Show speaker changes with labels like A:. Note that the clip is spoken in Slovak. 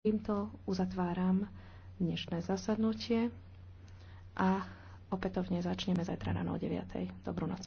A: Týmto uzatváram dnešné zasadnutie a opätovne začneme zajtra ráno o 9. Dobrú noc.